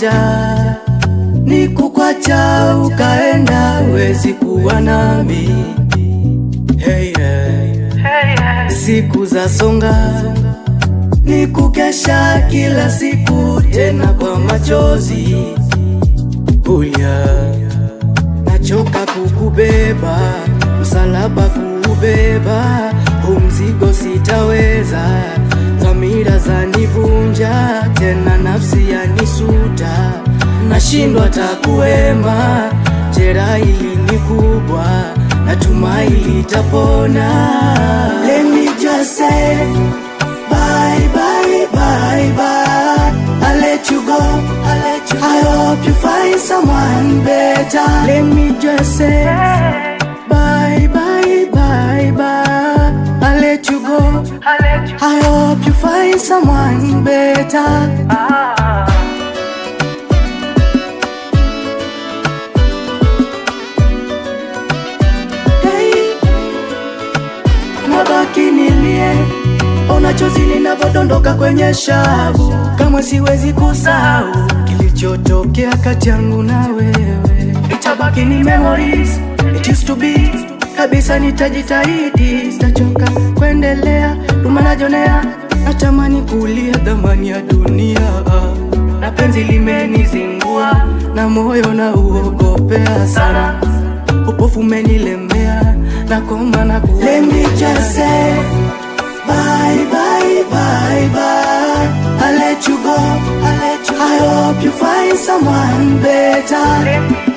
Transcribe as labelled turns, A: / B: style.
A: moja nikukwacha ukaenda, wezi kuwa nami hey,
B: hey.
A: Siku za songa ni kukesha kila siku, tena kwa machozi kulia, nachoka kukubeba msalaba kuubeba huu mzigo sitaweza, dhamira zanivunja tena, nafsi yanisuta nashindwa takuwema, jeraha hili ni kubwa, natumai litapona. Let me just say bye bye bye bye, I let you go, I let you go. I hope you find someone better. Let me just say bye bye bye bye, I let you go, I hope you find someone better. Ah. machozi linavodondoka kwenye shavu, kamwe siwezi kusahau kilichotokea kati yangu na wewe. Itabaki ni memories, it used to be kabisa. Nitajitahidi, sitachoka kuendelea, dumanajonea natamani kulia dhamani ya dunia, na penzi limenizingua na moyo na uogopea sana, upofu umenilemea na komba na kuwa bye, bye, bye, bye. I let you go. I let you. I hope you find someone better.